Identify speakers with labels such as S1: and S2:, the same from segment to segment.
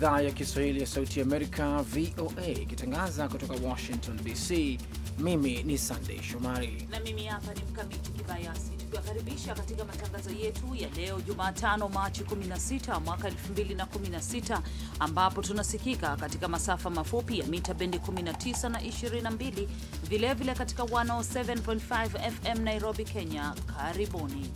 S1: idhaa ya Kiswahili ya Sauti Amerika, VOA, ikitangaza kutoka Washington DC. Mimi ni Sandei Shomari
S2: na mimi hapa ni Mkamiti Kibayasi, tukiwakaribisha katika matangazo yetu ya leo Jumatano, Machi 16 mwaka 2016, ambapo tunasikika katika masafa mafupi ya mita bendi 19 na 22, vilevile vile katika 107.5 FM Nairobi, Kenya.
S3: Karibuni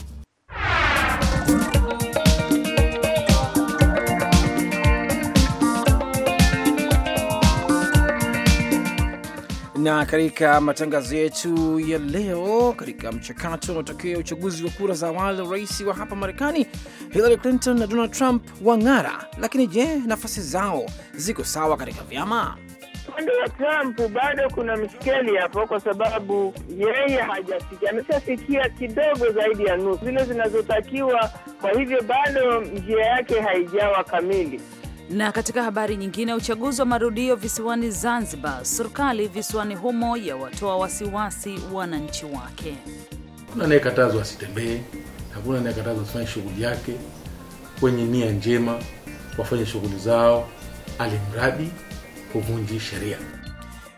S1: na katika matangazo yetu ya leo, katika mchakato wa matokeo ya uchaguzi wa kura za awali rais wa hapa Marekani, Hillary Clinton na Donald Trump wang'ara. Lakini je, nafasi zao ziko sawa katika vyama? Upande wa Trump
S4: bado kuna mshikeli hapo, kwa sababu yeye hajafikia, ameshafikia kidogo zaidi ya nusu zile zinazotakiwa. Kwa hivyo bado njia yake haijawa kamili.
S2: Na katika habari nyingine, uchaguzi wa marudio visiwani Zanzibar, serikali visiwani humo yawatoa wasiwasi wananchi wake.
S3: Hakuna anayekatazwa asitembee, hakuna anayekatazwa asifanye shughuli yake, wenye nia njema wafanye shughuli zao, alimradi huvunji sheria.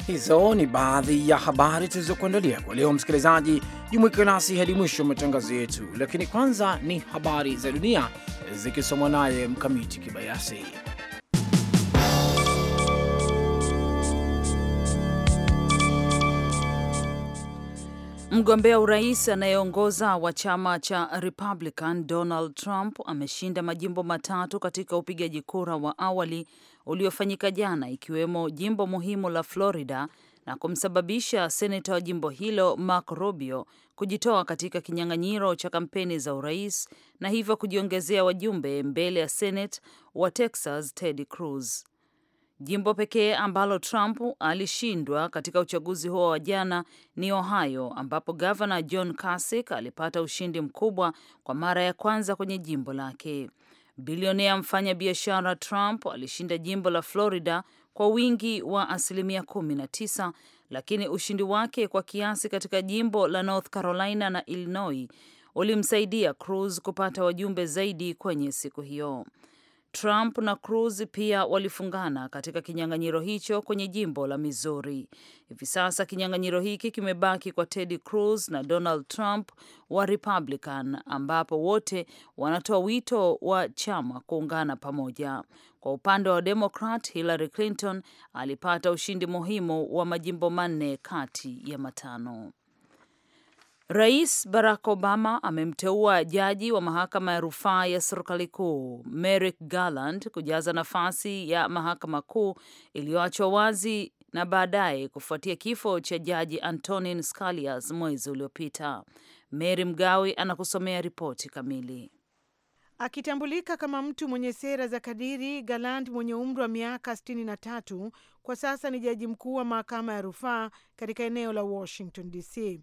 S1: Hizo ni baadhi ya habari tulizokuandalia kwa leo. Msikilizaji, jumuika nasi hadi mwisho wa matangazo yetu, lakini kwanza ni habari za dunia zikisomwa naye Mkamiti Kibayasi.
S2: Mgombea urais anayeongoza wa chama cha Republican Donald Trump ameshinda majimbo matatu katika upigaji kura wa awali uliofanyika jana, ikiwemo jimbo muhimu la Florida na kumsababisha seneta wa jimbo hilo mak Rubio kujitoa katika kinyang'anyiro cha kampeni za urais na hivyo kujiongezea wajumbe mbele ya seneta wa Texas Ted Cruz. Jimbo pekee ambalo Trump alishindwa katika uchaguzi huo wa jana ni Ohio, ambapo gavana John Kasich alipata ushindi mkubwa kwa mara ya kwanza kwenye jimbo lake. Bilionea mfanya biashara Trump alishinda jimbo la Florida kwa wingi wa asilimia 19, lakini ushindi wake kwa kiasi katika jimbo la North Carolina na Illinois ulimsaidia Cruz kupata wajumbe zaidi kwenye siku hiyo. Trump na Cruz pia walifungana katika kinyang'anyiro hicho kwenye jimbo la Missouri. Hivi sasa kinyang'anyiro hiki kimebaki kwa Ted Cruz na Donald Trump wa Republican, ambapo wote wanatoa wito wa chama kuungana pamoja. Kwa upande wa Demokrat, Hillary Clinton alipata ushindi muhimu wa majimbo manne kati ya matano. Rais Barack Obama amemteua jaji wa mahakama ya rufaa ya serikali kuu Merrick Garland kujaza nafasi ya mahakama kuu iliyoachwa wazi na baadaye kufuatia kifo cha jaji Antonin Scalia mwezi uliopita. Mary Mgawe anakusomea ripoti kamili.
S3: Akitambulika kama mtu mwenye sera za kadiri, galand mwenye umri wa miaka 63 kwa sasa ni jaji mkuu wa mahakama ya rufaa katika eneo la Washington DC.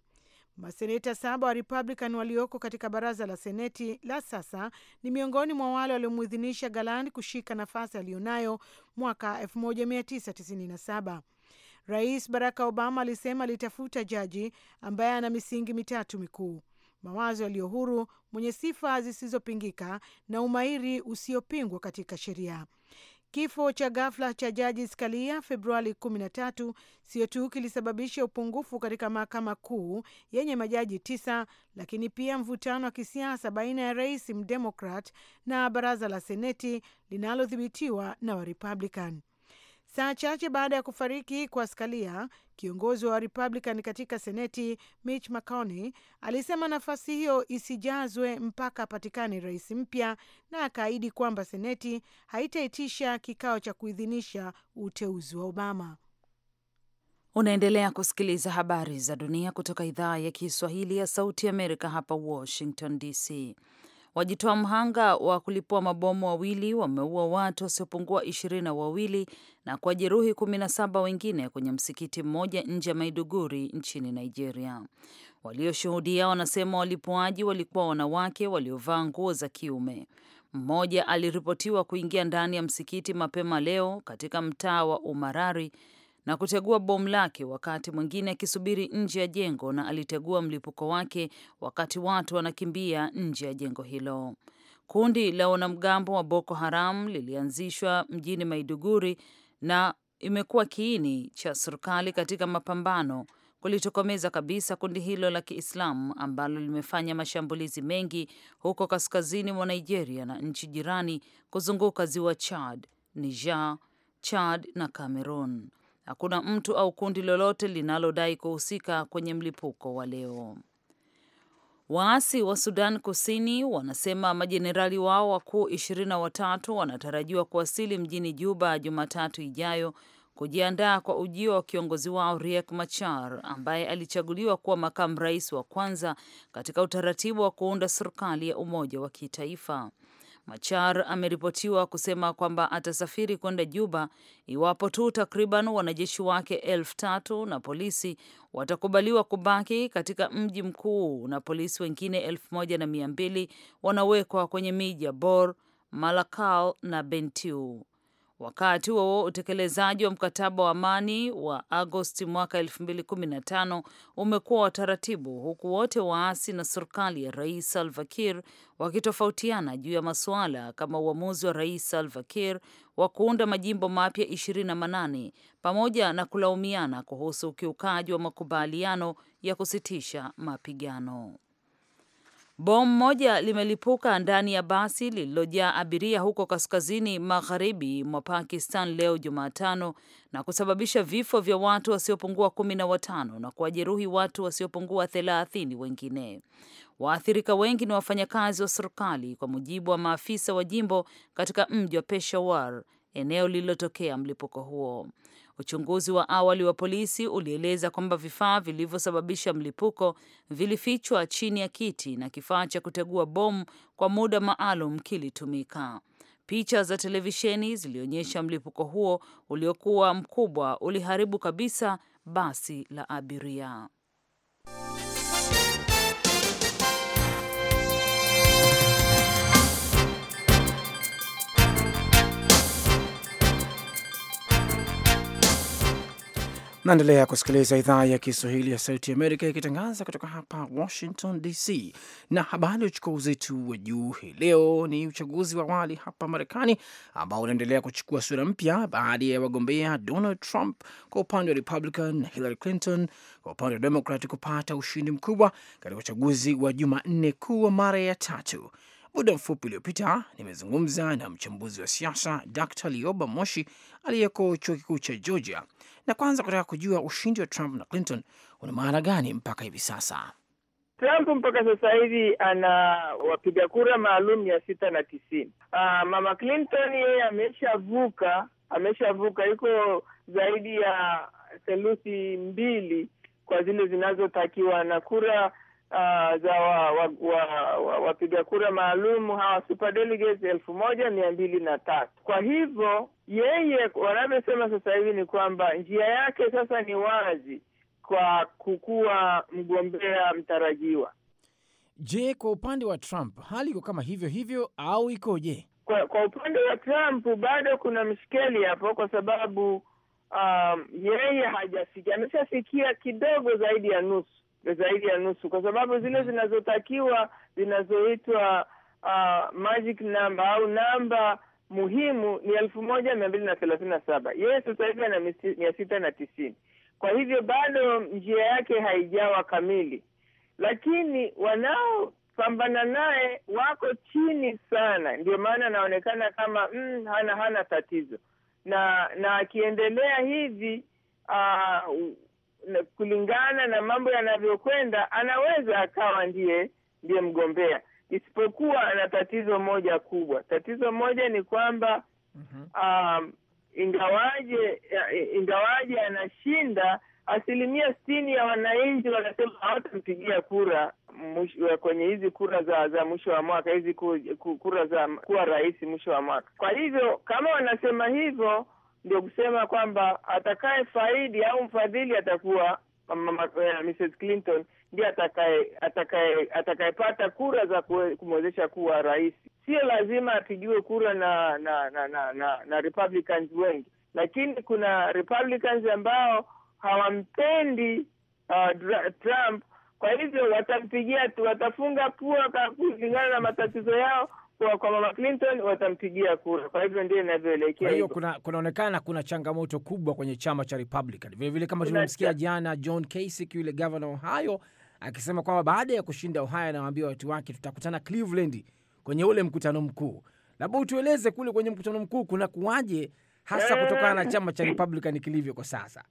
S3: Maseneta saba wa Republican walioko katika baraza la seneti la sasa ni miongoni mwa wale waliomuidhinisha galand kushika nafasi aliyonayo mwaka 1997. Rais Barack Obama alisema alitafuta jaji ambaye ana misingi mitatu mikuu: mawazo yaliyo huru, mwenye sifa zisizopingika na umahiri usiopingwa katika sheria. Kifo cha ghafla cha jaji skalia Februari 13 sio tu kilisababisha upungufu katika mahakama kuu yenye majaji tisa, lakini pia mvutano wa kisiasa baina ya rais mdemokrat na baraza la seneti linalodhibitiwa na Warepublican. Saa chache baada ya kufariki kwa skalia Kiongozi wa Republican katika Seneti Mitch McConnell alisema nafasi hiyo isijazwe mpaka apatikane rais mpya, na akaahidi kwamba Seneti haitaitisha kikao cha kuidhinisha uteuzi wa Obama.
S2: Unaendelea kusikiliza habari za dunia kutoka idhaa ya Kiswahili ya Sauti ya Amerika hapa Washington DC. Wajitoa mhanga wa kulipua mabomu wawili wameua watu wasiopungua ishirini na wawili na kuwajeruhi kumi na saba wengine kwenye msikiti mmoja nje ya Maiduguri nchini Nigeria. Walioshuhudia wanasema walipuaji walikuwa wanawake waliovaa nguo za kiume. Mmoja aliripotiwa kuingia ndani ya msikiti mapema leo katika mtaa wa Umarari na kutegua bomu lake, wakati mwingine akisubiri nje ya jengo, na alitegua mlipuko wake wakati watu wanakimbia nje ya jengo hilo. Kundi la wanamgambo wa Boko Haram lilianzishwa mjini Maiduguri na imekuwa kiini cha serikali katika mapambano kulitokomeza kabisa kundi hilo la Kiislamu ambalo limefanya mashambulizi mengi huko kaskazini mwa Nigeria na nchi jirani kuzunguka ziwa Chad, Niger, Chad na Cameroon. Hakuna mtu au kundi lolote linalodai kuhusika kwenye mlipuko wa leo. Waasi wa Sudan Kusini wanasema majenerali wao wakuu ishirini na watatu wanatarajiwa kuwasili mjini Juba Jumatatu ijayo kujiandaa kwa ujio wa kiongozi wao Riek Machar ambaye alichaguliwa kuwa makamu rais wa kwanza katika utaratibu wa kuunda serikali ya umoja wa kitaifa. Machar ameripotiwa kusema kwamba atasafiri kwenda Juba iwapo tu takriban wanajeshi wake elfu tatu na polisi watakubaliwa kubaki katika mji mkuu na polisi wengine elfu moja na mia mbili wanawekwa kwenye miji ya Bor, Malakal na Bentiu. Wakati huo huo, utekelezaji wa mkataba wa amani wa Agosti mwaka 2015 umekuwa wa taratibu, huku wote waasi na serikali ya Rais Salva Kiir wakitofautiana juu ya masuala kama uamuzi wa Rais Salva Kiir wa kuunda majimbo mapya 28 pamoja na kulaumiana kuhusu ukiukaji wa makubaliano ya kusitisha mapigano. Bomu moja limelipuka ndani ya basi lililojaa abiria huko kaskazini magharibi mwa Pakistan leo Jumatano na kusababisha vifo vya watu wasiopungua kumi na watano na kuwajeruhi watu wasiopungua thelathini wengine. Waathirika wengi ni wafanyakazi wa serikali, kwa mujibu wa maafisa wa jimbo katika mji wa Peshawar, eneo lililotokea mlipuko huo. Uchunguzi wa awali wa polisi ulieleza kwamba vifaa vilivyosababisha mlipuko vilifichwa chini ya kiti na kifaa cha kutegua bomu kwa muda maalum kilitumika. Picha za televisheni zilionyesha mlipuko huo uliokuwa mkubwa uliharibu kabisa basi la abiria.
S1: Naendelea kusikiliza idhaa ya Kiswahili ya Sauti Amerika ikitangaza kutoka hapa Washington DC, na habari uchukua uzito wa juu hii leo ni uchaguzi wa awali hapa Marekani ambao unaendelea kuchukua sura mpya baada ya wagombea Donald Trump kwa upande wa Republican na Hillary Clinton kwa upande wa Demokrat kupata ushindi mkubwa katika uchaguzi wa Jumanne kuu wa mara ya tatu. Muda mfupi uliopita nimezungumza na mchambuzi wa siasa Dr Lioba Moshi aliyeko chuo kikuu cha Georgia, na kwanza kutaka kujua ushindi wa Trump na Clinton una maana gani mpaka hivi sasa.
S4: Trump mpaka sasa hivi ana wapiga kura maalum mia sita na tisini. Uh, mama Clinton yeye ameshavuka, ameshavuka iko zaidi ya theluthi mbili kwa zile zinazotakiwa na kura Uh, za wapiga wa, wa, wa kura maalum hawa super delegates elfu moja mia mbili na tatu. Kwa hivyo yeye wanavyosema sasa hivi ni kwamba njia yake sasa ni wazi kwa kukuwa mgombea mtarajiwa.
S1: Je, kwa upande wa Trump hali iko kama hivyo hivyo au ikoje? Kwa, kwa upande wa Trump
S4: bado kuna mshikeli hapo, kwa sababu um, yeye hajafikia, ameshafikia kidogo zaidi ya nusu zaidi ya nusu, kwa sababu zile mm-hmm. zinazotakiwa zinazoitwa uh, magic number au namba muhimu ni elfu moja mia mbili na thelathini na saba. Yeye sasa hivi ana mia sita na tisini, kwa hivyo bado njia yake haijawa kamili, lakini wanaopambana naye wako chini sana, ndio maana anaonekana kama mm, hana hana tatizo, na na akiendelea hivi uh, kulingana na mambo yanavyokwenda, anaweza akawa ndiye ndiye mgombea, isipokuwa ana tatizo moja kubwa. Tatizo moja ni kwamba mm -hmm. um, ingawaje ingawaje anashinda, asilimia sitini ya wananchi wanasema hawatampigia kura mwisho, kwenye hizi kura za za mwisho wa mwaka, hizi kura za kuwa rais mwisho wa mwaka. Kwa hivyo kama wanasema hivyo ndio kusema kwamba atakaye faidi au mfadhili atakuwa Mrs. Eh, Clinton ndiye atakaye atakaye atakayepata kura za kumwezesha kuwa rais. Sio lazima apigiwe kura na na na, na, na, na Republicans wengi, lakini kuna Republicans ambao hawampendi uh, Trump, kwa hivyo watampigia, watafunga pua kulingana na matatizo yao kwa kwa mama Clinton watampigia kura. Kwa hivyo ndio inavyoelekea. Kwa hiyo
S1: kuna kunaonekana kuna changamoto kubwa kwenye chama cha Republican. Vile vile kama tulivyomsikia jana John Kasich yule governor Ohio akisema kwamba baada ya kushinda Ohio anawaambia watu wake tutakutana Cleveland kwenye ule mkutano mkuu. Labda utueleze kule kwenye mkutano mkuu kuna kuwaje hasa kutokana na eh. chama cha Republican kilivyo kwa sasa.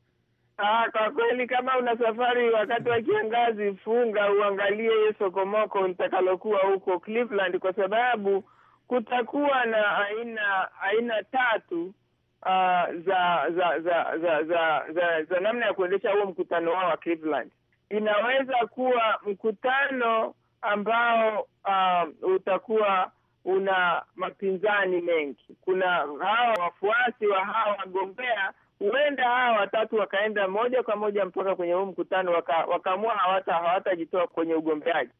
S4: Ah, kwa kweli kama una safari wakati wa kiangazi, funga uangalie hiyo sokomoko nitakalokuwa huko Cleveland, kwa sababu kutakuwa na aina aina tatu ah, za za za za za namna ya kuendesha huo mkutano wao wa Cleveland. Inaweza kuwa mkutano ambao ah, utakuwa una mapinzani mengi. Kuna hawa wafuasi wa hawa wagombea huenda hawa watatu wakaenda moja kwa moja mpaka kwenye huu mkutano wakaamua hawata hawatajitoa kwenye ugombeaji.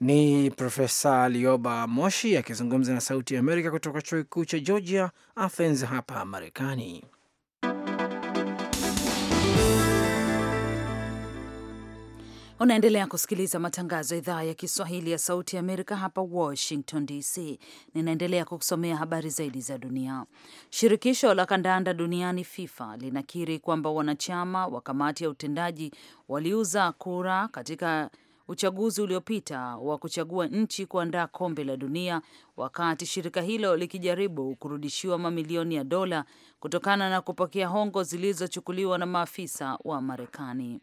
S1: Ni Profesa Lioba Moshi akizungumza na Sauti ya Amerika kutoka chuo kikuu cha Georgia Athens hapa Marekani.
S2: Unaendelea kusikiliza matangazo ya idhaa ya Kiswahili ya Sauti ya Amerika hapa Washington DC. Ninaendelea kukusomea habari zaidi za dunia. Shirikisho la kandanda duniani FIFA linakiri kwamba wanachama wa kamati ya utendaji waliuza kura katika uchaguzi uliopita wa kuchagua nchi kuandaa kombe la dunia, wakati shirika hilo likijaribu kurudishiwa mamilioni ya dola kutokana na kupokea hongo zilizochukuliwa na maafisa wa Marekani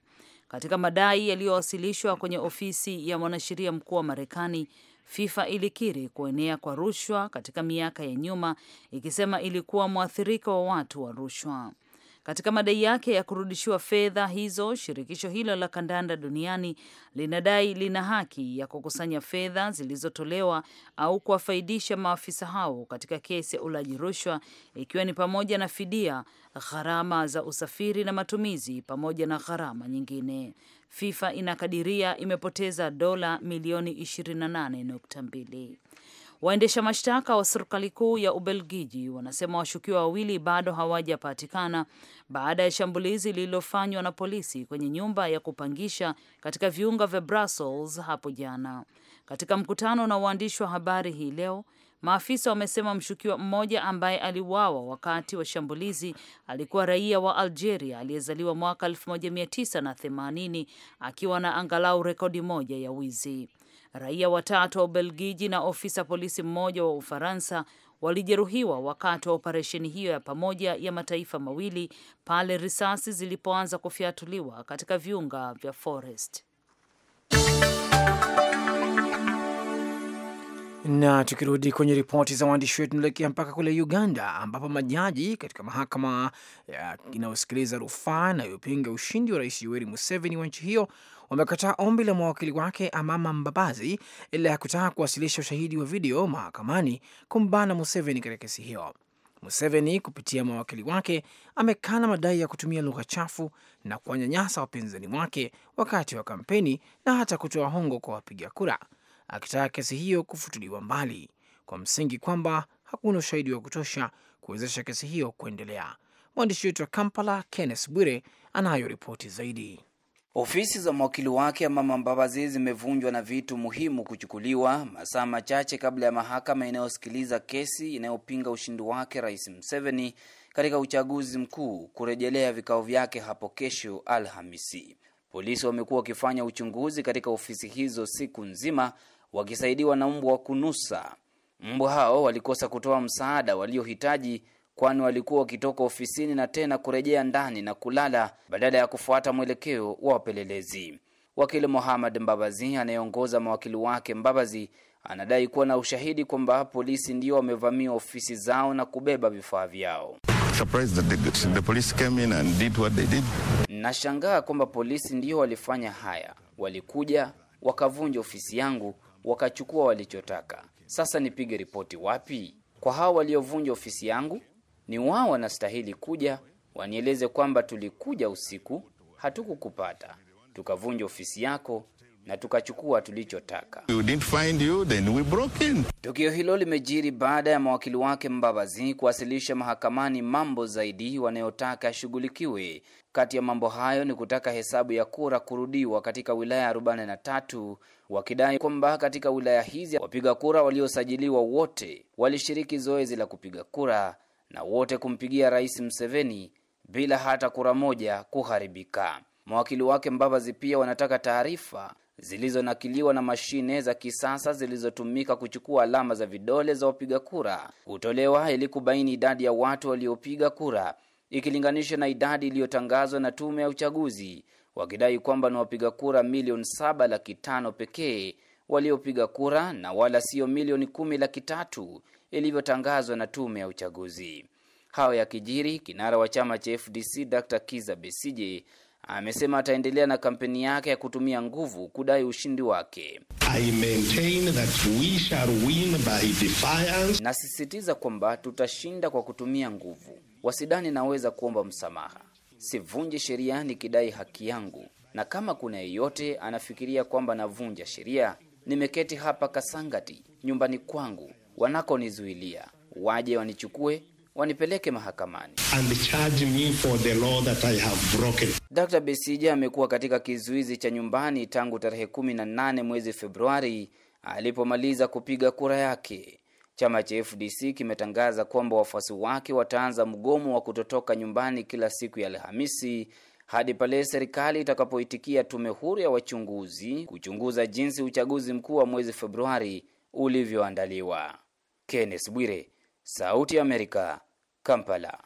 S2: katika madai yaliyowasilishwa kwenye ofisi ya mwanasheria mkuu wa Marekani. FIFA ilikiri kuenea kwa rushwa katika miaka ya nyuma, ikisema ilikuwa mwathirika wa watu wa rushwa. Katika madai yake ya kurudishiwa fedha hizo, shirikisho hilo la kandanda duniani linadai lina haki ya kukusanya fedha zilizotolewa au kuwafaidisha maafisa hao katika kesi ya ulaji rushwa, ikiwa ni pamoja na fidia, gharama za usafiri na matumizi, pamoja na gharama nyingine. FIFA inakadiria imepoteza dola milioni 28.2. Waendesha mashtaka wa serikali kuu ya Ubelgiji wanasema washukiwa wawili bado hawajapatikana baada ya shambulizi lililofanywa na polisi kwenye nyumba ya kupangisha katika viunga vya Brussels hapo jana. Katika mkutano na waandishi wa habari hii leo, maafisa wamesema mshukiwa mmoja ambaye aliuawa wakati wa shambulizi alikuwa raia wa Algeria aliyezaliwa mwaka 1980 akiwa na angalau rekodi moja ya wizi. Raia watatu wa Ubelgiji na ofisa polisi mmoja wa Ufaransa walijeruhiwa wakati wa operesheni hiyo ya pamoja ya mataifa mawili pale risasi zilipoanza kufyatuliwa katika viunga vya Forest.
S1: Na tukirudi kwenye ripoti za waandishi wetu, tunaelekea mpaka kule Uganda ambapo majaji katika mahakama inayosikiliza rufaa inayopinga ushindi wa Rais Yoweri Museveni wa nchi hiyo wamekataa ombi la mawakili wake Amama Mbabazi la kutaka kuwasilisha ushahidi wa video mahakamani kumbana Museveni katika kesi hiyo. Museveni kupitia mawakili wake amekana madai ya kutumia lugha chafu na kuwanyanyasa wapinzani wake wakati wa kampeni na hata kutoa hongo kwa wapiga kura akitaka kesi hiyo kufutuliwa mbali kwa msingi kwamba hakuna ushahidi wa kutosha kuwezesha kesi hiyo kuendelea. Mwandishi wetu wa Kampala, Kenneth Bwire, anayo ripoti zaidi.
S5: Ofisi za mwakili wake Mama Mbabazi zimevunjwa na vitu muhimu kuchukuliwa masaa machache kabla ya mahakama inayosikiliza kesi inayopinga ushindi wake Rais Museveni katika uchaguzi mkuu kurejelea vikao vyake hapo kesho Alhamisi. Polisi wamekuwa wakifanya uchunguzi katika ofisi hizo siku nzima wakisaidiwa na mbwa wa kunusa. Mbwa hao walikosa kutoa msaada waliohitaji, kwani walikuwa wakitoka ofisini na tena kurejea ndani na kulala badala ya kufuata mwelekeo wa wapelelezi. Wakili Mohamed Mbabazi anayeongoza mawakili wake Mbabazi anadai kuwa na ushahidi kwamba polisi ndio wamevamia ofisi zao na kubeba vifaa vyao. Nashangaa kwamba polisi ndio walifanya haya, walikuja wakavunja ofisi yangu wakachukua walichotaka. Sasa nipige ripoti wapi? Kwa hao waliovunja ofisi yangu, ni wao wanastahili kuja wanieleze kwamba tulikuja usiku, hatukukupata, tukavunja ofisi yako na tukachukua tulichotaka. Tukio hilo limejiri baada ya mawakili wake Mbabazi kuwasilisha mahakamani mambo zaidi wanayotaka yashughulikiwe. Kati ya mambo hayo ni kutaka hesabu ya kura kurudiwa katika wilaya 43 wakidai kwamba katika wilaya hizi wapiga kura waliosajiliwa wote walishiriki zoezi la kupiga kura na wote kumpigia Rais mseveni bila hata kura moja kuharibika. Mawakili wake Mbabazi pia wanataka taarifa zilizonakiliwa na mashine za kisasa zilizotumika kuchukua alama za vidole za wapiga kura hutolewa ili kubaini idadi ya watu waliopiga kura ikilinganisha na idadi iliyotangazwa na tume ya uchaguzi, wakidai kwamba ni wapiga kura milioni saba laki tano pekee waliopiga kura na wala siyo milioni kumi laki tatu ilivyotangazwa na tume ya uchaguzi. Hayo yakijiri, kinara wa chama cha FDC Dr. Kiza Besije amesema ataendelea na kampeni yake ya kutumia nguvu kudai ushindi wake. Nasisitiza kwamba tutashinda kwa kutumia nguvu. Wasidani naweza kuomba msamaha, sivunje sheria nikidai haki yangu, na kama kuna yeyote anafikiria kwamba navunja sheria, nimeketi hapa Kasangati, nyumbani kwangu, wanakonizuilia waje wanichukue wanipeleke mahakamani. Dr. Besija amekuwa katika kizuizi cha nyumbani tangu tarehe 18 mwezi Februari alipomaliza kupiga kura yake. Chama cha FDC kimetangaza kwamba wafuasi wake wataanza mgomo wa kutotoka nyumbani kila siku ya Alhamisi hadi pale serikali itakapoitikia tume huru ya wachunguzi kuchunguza jinsi uchaguzi mkuu wa mwezi Februari ulivyoandaliwa. Kenneth Bwire, Sauti ya Amerika, Kampala.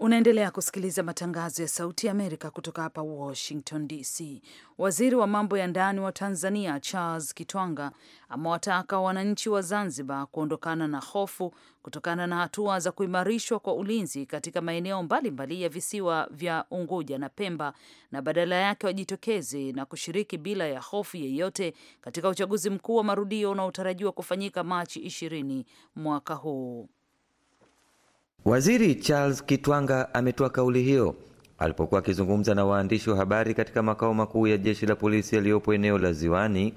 S2: Unaendelea kusikiliza matangazo ya Sauti ya Amerika kutoka hapa Washington DC. Waziri wa mambo ya ndani wa Tanzania Charles Kitwanga amewataka wananchi wa Zanzibar kuondokana na hofu kutokana na hatua za kuimarishwa kwa ulinzi katika maeneo mbalimbali ya visiwa vya Unguja na Pemba, na badala yake wajitokeze na kushiriki bila ya hofu yeyote katika uchaguzi mkuu wa marudio unaotarajiwa kufanyika Machi 20 mwaka huu.
S6: Waziri Charles Kitwanga ametoa kauli hiyo alipokuwa akizungumza na waandishi wa habari katika makao makuu ya jeshi la polisi yaliyopo eneo la Ziwani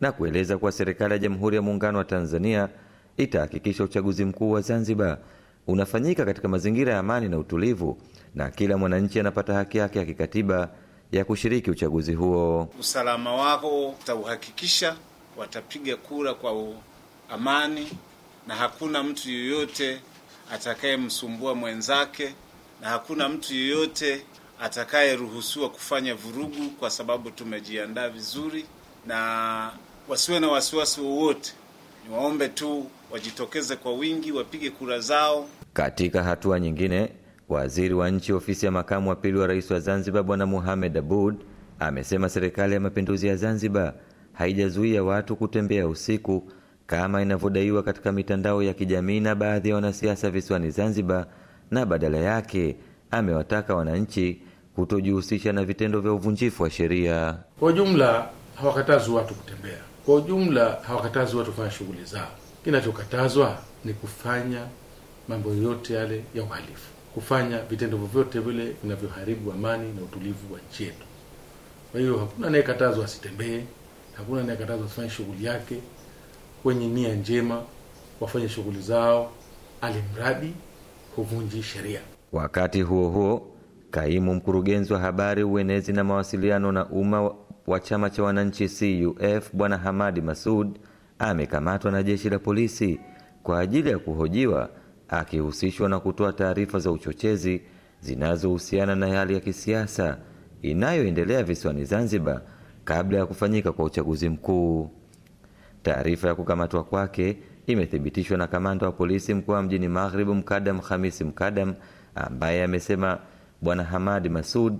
S6: na kueleza kuwa serikali ya Jamhuri ya Muungano wa Tanzania itahakikisha uchaguzi mkuu wa Zanzibar unafanyika katika mazingira ya amani na utulivu na kila mwananchi anapata haki yake ya kikatiba ya kushiriki uchaguzi huo.
S5: Usalama wako utauhakikisha, watapiga kura kwa amani na hakuna mtu yoyote atakayemsumbua mwenzake, na hakuna mtu yeyote atakayeruhusiwa kufanya vurugu, kwa sababu tumejiandaa vizuri na wasiwe na wasiwasi wowote. Niwaombe tu wajitokeze kwa wingi, wapige kura
S6: zao. Katika hatua nyingine, waziri wa nchi ofisi ya makamu wa pili wa rais wa Zanzibar Bwana muhamed Abud amesema serikali ya mapinduzi ya Zanzibar haijazuia watu kutembea usiku kama inavyodaiwa katika mitandao ya kijamii na baadhi ya wanasiasa visiwani Zanzibar, na badala yake amewataka wananchi kutojihusisha na vitendo vya uvunjifu wa sheria.
S3: Kwa ujumla, hawakatazi watu kutembea, kwa ujumla hawakatazi watu kufanya shughuli zao. Kinachokatazwa ni kufanya mambo yote yale ya uhalifu, kufanya vitendo vyovyote vile vinavyoharibu amani na utulivu wa nchi yetu. Kwa hiyo hakuna anayekatazwa asitembee, hakuna anayekatazwa asifanye shughuli yake wenye nia njema wafanye shughuli zao,
S4: alimradi huvunji sheria.
S6: Wakati huo huo, kaimu mkurugenzi wa habari, uenezi na mawasiliano na umma wa chama cha wananchi CUF Bwana Hamadi Masud amekamatwa na jeshi la polisi kwa ajili ya kuhojiwa akihusishwa na kutoa taarifa za uchochezi zinazohusiana na hali ya kisiasa inayoendelea visiwani Zanzibar kabla ya kufanyika kwa uchaguzi mkuu. Taarifa ya kukamatwa kwake imethibitishwa na kamanda wa polisi mkoa wa mjini Maghrib, Mkadam Hamisi Mkadam, ambaye amesema bwana Hamadi Masud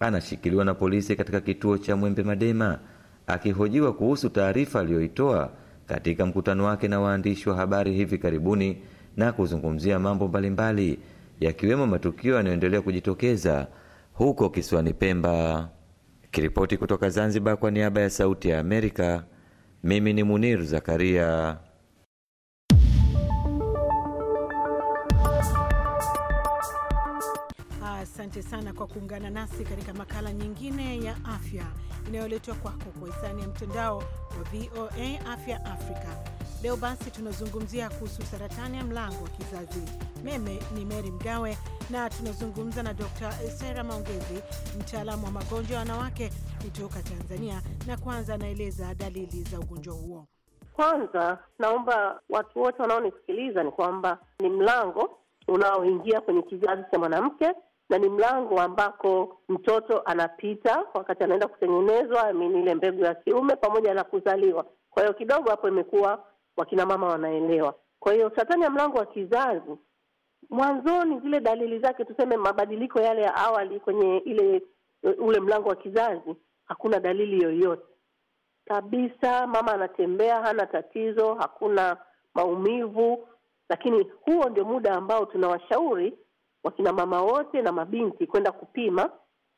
S6: anashikiliwa na polisi katika kituo cha Mwembe Madema. Akihojiwa kuhusu taarifa aliyoitoa katika mkutano wake na waandishi wa habari hivi karibuni na kuzungumzia mambo mbalimbali yakiwemo matukio yanayoendelea kujitokeza huko kisiwani Pemba. Kiripoti kutoka Zanzibar kwa niaba ya Sauti ya Amerika. Mimi ni Munir Zakaria.
S3: Asante sana kwa kuungana nasi katika makala nyingine ya afya inayoletwa kwako kwa hisani ya mtandao wa VOA Afya Afrika. Leo basi tunazungumzia kuhusu saratani ya mlango wa kizazi. Mimi ni Mary Mgawe na tunazungumza na Dr. Sera Maongezi, mtaalamu wa magonjwa ya wanawake kutoka Tanzania, na kwanza anaeleza dalili za ugonjwa huo.
S7: Kwanza naomba watu wote wanaonisikiliza ni kwamba ni mlango unaoingia kwenye kizazi cha mwanamke na ni mlango ambako mtoto anapita wakati anaenda kutengenezwa, amini ile mbegu ya kiume pamoja na kuzaliwa. Kwa hiyo kidogo hapo imekuwa wakina mama wanaelewa. Kwa hiyo saratani ya mlango wa kizazi mwanzoni, zile dalili zake, tuseme mabadiliko yale ya awali kwenye ile eh, ule mlango wa kizazi, hakuna dalili yoyote kabisa. Mama anatembea hana tatizo, hakuna maumivu, lakini huo ndio muda ambao tunawashauri wakina mama wote na mabinti kwenda kupima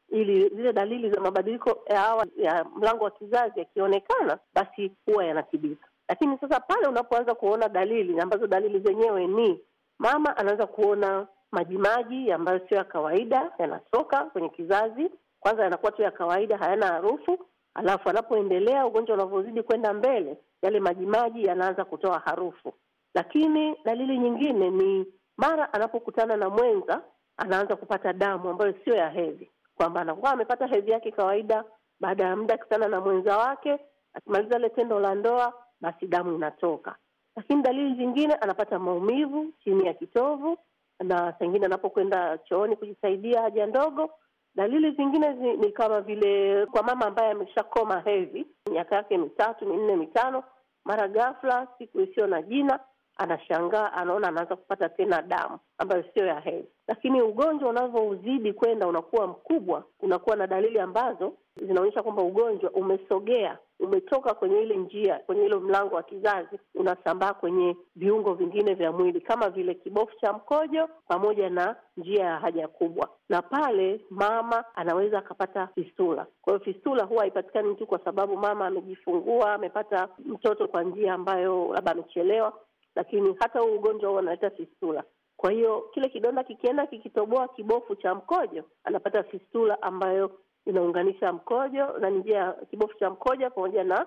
S7: ili zile dalili za mabadiliko ya awali ya mlango wa kizazi yakionekana, basi huwa yanatibika. Lakini sasa pale unapoanza kuona dalili ambazo dalili zenyewe ni mama anaweza kuona majimaji ambayo sio ya kawaida, yanatoka kwenye kizazi, kwanza yanakuwa tu ya kawaida, hayana harufu. Alafu anapoendelea ugonjwa unavyozidi kwenda mbele, yale majimaji yanaanza kutoa harufu. Lakini dalili nyingine ni mara anapokutana na mwenza, anaanza kupata damu ambayo sio ya hedhi, kwamba anakuwa amepata hedhi yake kawaida, baada ya muda akikutana na mwenza wake, akimaliza ile tendo la ndoa basi damu inatoka. Lakini dalili zingine, anapata maumivu chini ya kitovu, na sengine anapokwenda chooni kujisaidia haja ndogo. Dalili zingine zi, ni kama vile kwa mama ambaye ameshakoma hevi miaka yake mitatu minne mitano, mara ghafla siku isiyo na jina anashangaa anaona anaanza kupata tena damu ambayo sio ya hedhi. Lakini ugonjwa unavyouzidi kwenda unakuwa mkubwa, unakuwa na dalili ambazo zinaonyesha kwamba ugonjwa umesogea, umetoka kwenye ile njia, kwenye ile mlango wa kizazi, unasambaa kwenye viungo vingine vya mwili kama vile kibofu cha mkojo pamoja na njia ya haja kubwa, na pale mama anaweza akapata fistula. Kwa hiyo fistula huwa haipatikani tu kwa sababu mama amejifungua, amepata mtoto kwa njia ambayo labda amechelewa lakini hata huu ugonjwa wanaita fistula. Kwa hiyo kile kidonda kikienda kikitoboa kibofu cha mkojo, anapata fistula ambayo inaunganisha mkojo na njia kibofu cha mkojo pamoja na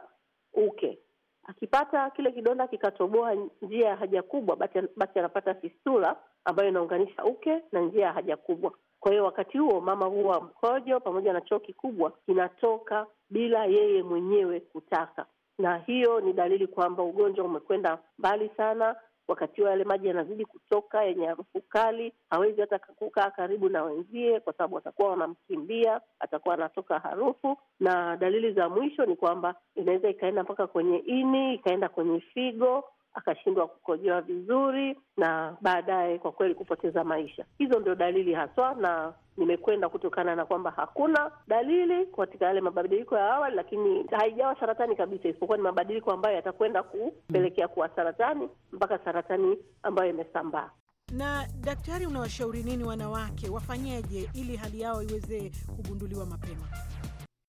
S7: uke. Akipata kile kidonda kikatoboa njia ya haja kubwa, basi anapata fistula ambayo inaunganisha uke na njia ya haja kubwa. Kwa hiyo wakati huo mama huwa mkojo pamoja na choo kikubwa kinatoka bila yeye mwenyewe kutaka na hiyo ni dalili kwamba ugonjwa umekwenda mbali sana. Wakati huo yale maji yanazidi kutoka yenye harufu kali, hawezi hata kukaa karibu na wenzie kwa sababu watakuwa wanamkimbia, atakuwa anatoka harufu. Na dalili za mwisho ni kwamba inaweza ikaenda mpaka kwenye ini, ikaenda kwenye figo akashindwa kukojoa vizuri na baadaye kwa kweli kupoteza maisha. Hizo ndio dalili haswa, na nimekwenda kutokana na kwamba hakuna dalili katika yale mabadiliko ya awali, lakini haijawa saratani kabisa, isipokuwa ni mabadiliko ambayo yatakwenda kupelekea kuwa saratani mpaka saratani ambayo imesambaa.
S3: Na daktari, unawashauri nini wanawake, wafanyeje ili hali yao iweze kugunduliwa mapema?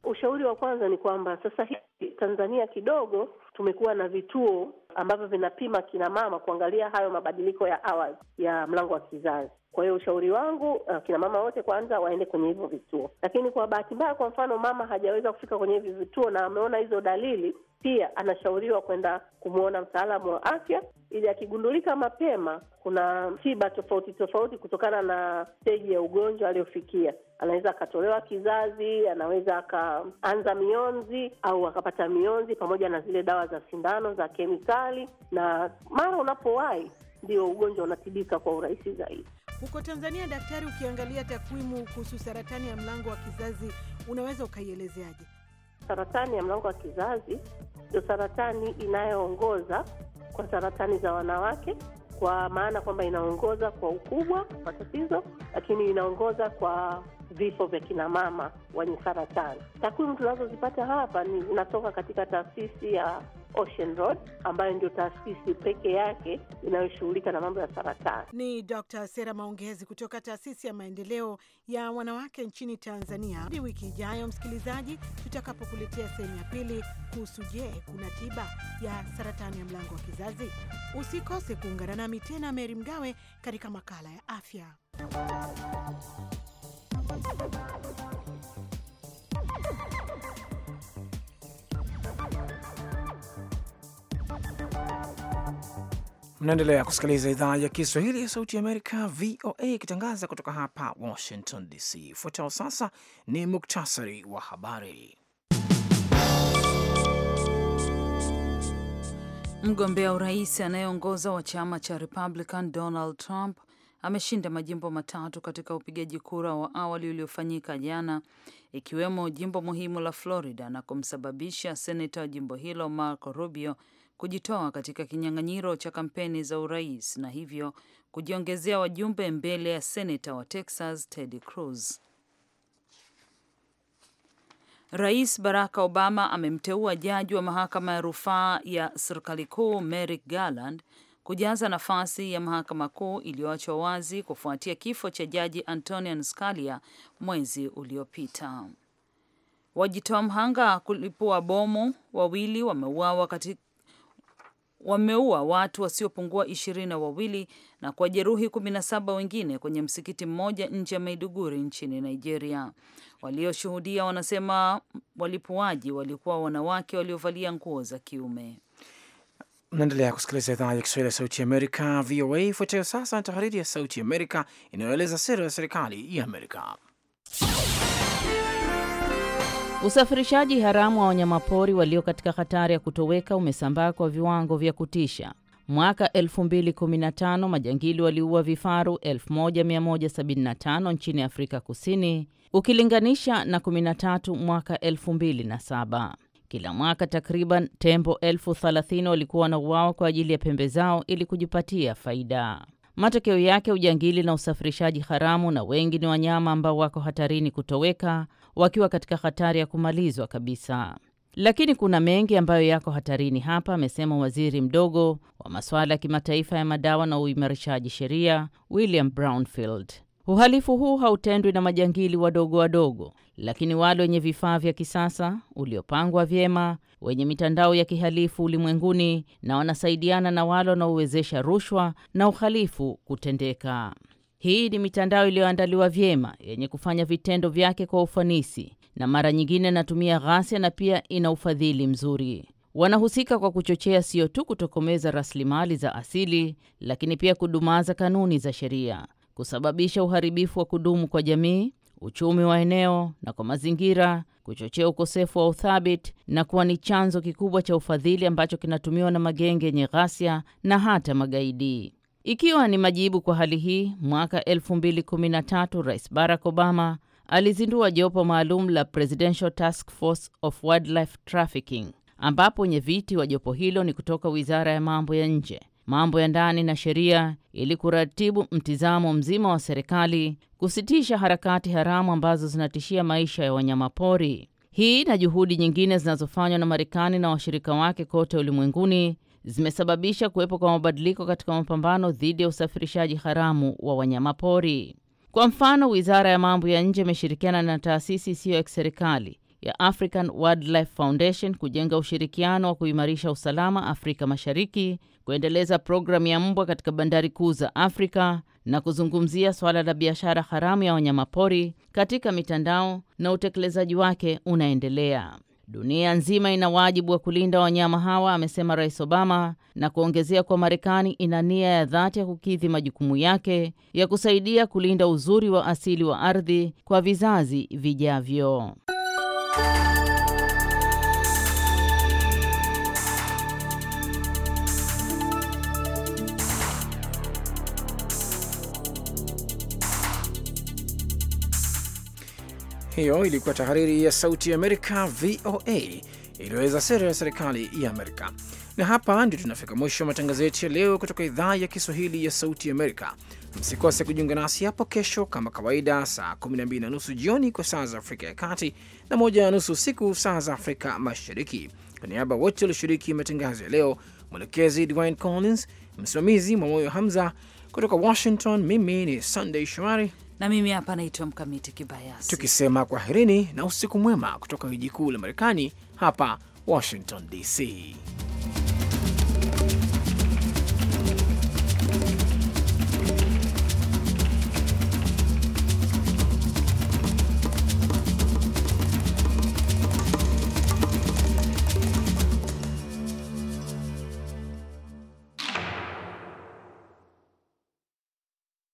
S7: Ushauri wa kwanza ni kwamba sasa hivi Tanzania kidogo tumekuwa na vituo ambavyo vinapima kina mama kuangalia hayo mabadiliko ya awali ya mlango wa kizazi. Kwa hiyo ushauri wangu uh, kina mama wote kwanza waende kwenye hivyo vituo, lakini kwa bahati mbaya, kwa mfano mama hajaweza kufika kwenye hivi vituo na ameona hizo dalili, pia anashauriwa kwenda kumwona mtaalamu wa afya ili akigundulika mapema, kuna tiba tofauti tofauti kutokana na steji ya ugonjwa aliyofikia anaweza akatolewa kizazi, anaweza akaanza mionzi au akapata mionzi, pamoja na zile dawa za sindano za kemikali, na mara unapowahi ndio ugonjwa unatibika kwa urahisi zaidi.
S3: Huko Tanzania, daktari, ukiangalia takwimu kuhusu saratani ya mlango wa kizazi unaweza ukaielezeaje?
S7: Saratani ya mlango wa kizazi ndio saratani inayoongoza kwa saratani za wanawake, kwa maana kwamba inaongoza kwa ukubwa kwa tatizo, lakini inaongoza kwa vifo vya kinamama wenye saratani. Takwimu tunazozipata hapa ni zinatoka katika taasisi ya Ocean Road ambayo ndio taasisi peke yake inayoshughulika na mambo ya saratani.
S3: Ni Dr. Sera Maongezi kutoka taasisi ya maendeleo ya wanawake nchini Tanzania. Hadi wiki ijayo, msikilizaji, tutakapokuletea sehemu ya pili kuhusu je, kuna tiba ya saratani ya mlango wa kizazi? Usikose kuungana nami tena, Meri Mgawe, katika makala ya afya.
S1: Mnaendelea kusikiliza idhaa ya Kiswahili ya Sauti ya Amerika, VOA, ikitangaza kutoka hapa Washington DC. Ufuatao sasa ni muktasari wa habari.
S2: Mgombea urais anayeongoza wa chama cha Republican Donald Trump ameshinda majimbo matatu katika upigaji kura wa awali uliofanyika jana, ikiwemo jimbo muhimu la Florida na kumsababisha seneta wa jimbo hilo Marco Rubio kujitoa katika kinyang'anyiro cha kampeni za urais na hivyo kujiongezea wajumbe mbele ya seneta wa Texas Ted Cruz. Rais Barack Obama amemteua jaji wa mahakama ya rufaa ya serikali kuu Merrick Garland kujaza nafasi ya mahakama kuu iliyoachwa wazi kufuatia kifo cha jaji Antonin Scalia mwezi uliopita. Wajitoa mhanga kulipua bomu wawili wameuawa katika wameua watu wasiopungua ishirini na wawili na kuwajeruhi kumi na saba wengine kwenye msikiti mmoja nje ya Maiduguri nchini Nigeria. Walioshuhudia wanasema walipuaji walikuwa wanawake waliovalia nguo za kiume.
S1: Unaendelea kusikiliza idhaa ya Kiswahili ya Sauti Amerika, VOA. Ifuatayo sasa tahariri ya Sauti Amerika inayoeleza sera ya serikali ya Amerika.
S8: Usafirishaji haramu wa wanyamapori walio katika hatari ya kutoweka umesambaa kwa viwango vya kutisha. Mwaka 2015 majangili waliua vifaru 1175 nchini Afrika Kusini, ukilinganisha na 13 mwaka 2007. Kila mwaka takriban tembo elfu thelathini walikuwa wanauawa kwa ajili ya pembe zao ili kujipatia faida. Matokeo yake ujangili na usafirishaji haramu, na wengi ni wanyama ambao wako hatarini kutoweka, wakiwa katika hatari ya kumalizwa kabisa. Lakini kuna mengi ambayo yako hatarini hapa, amesema waziri mdogo wa masuala ya kimataifa ya madawa na uimarishaji sheria William Brownfield. Uhalifu huu hautendwi na majangili wadogo wadogo, lakini wale wenye vifaa vya kisasa, uliopangwa vyema, wenye mitandao ya kihalifu ulimwenguni, na wanasaidiana na wale wanaowezesha rushwa na uhalifu kutendeka. Hii ni mitandao iliyoandaliwa vyema, yenye kufanya vitendo vyake kwa ufanisi, na mara nyingine inatumia ghasia na pia ina ufadhili mzuri. Wanahusika kwa kuchochea sio tu kutokomeza rasilimali za asili, lakini pia kudumaza kanuni za sheria kusababisha uharibifu wa kudumu kwa jamii, uchumi wa eneo na kwa mazingira, kuchochea ukosefu wa uthabiti na kuwa ni chanzo kikubwa cha ufadhili ambacho kinatumiwa na magenge yenye ghasia na hata magaidi. Ikiwa ni majibu kwa hali hii, mwaka 2013 Rais Barack Obama alizindua jopo maalum la Presidential Task Force of Wildlife Trafficking ambapo viti wa jopo hilo ni kutoka Wizara ya Mambo ya Nje, mambo ya ndani na sheria ili kuratibu mtizamo mzima wa serikali kusitisha harakati haramu ambazo zinatishia maisha ya wanyamapori. Hii na juhudi nyingine zinazofanywa na Marekani na washirika wake kote ulimwenguni zimesababisha kuwepo kwa mabadiliko katika mapambano dhidi ya usafirishaji haramu wa wanyamapori. Kwa mfano, Wizara ya Mambo ya Nje imeshirikiana na taasisi isiyo ya kiserikali ya African Wildlife Foundation kujenga ushirikiano wa kuimarisha usalama Afrika Mashariki, kuendeleza programu ya mbwa katika bandari kuu za Afrika na kuzungumzia swala la biashara haramu ya wanyamapori katika mitandao na utekelezaji wake unaendelea. Dunia nzima ina wajibu wa kulinda wanyama hawa, amesema Rais Obama na kuongezea kuwa Marekani ina nia ya dhati ya kukidhi majukumu yake ya kusaidia kulinda uzuri wa asili wa ardhi kwa vizazi vijavyo.
S1: Hiyo ilikuwa tahariri ya Sauti ya Amerika, VOA, iliyoweza sera ya serikali ya Amerika. Na hapa ndio tunafika mwisho wa matangazo yetu ya leo kutoka idhaa ya Kiswahili ya Sauti Amerika. Msikose kujiunga nasi hapo kesho kama kawaida, saa 12 na nusu jioni kwa saa za Afrika ya Kati na moja na nusu usiku saa za Afrika Mashariki. Kwa niaba wote walioshiriki matangazo ya leo, mwelekezi Dwayne Collins, msimamizi Mwamoyo Hamza kutoka Washington, mimi ni Sunday Shomari na mimi hapa naitwa Mkamiti Kibayasi, tukisema kwaherini na usiku mwema kutoka jiji kuu la Marekani hapa Washington DC.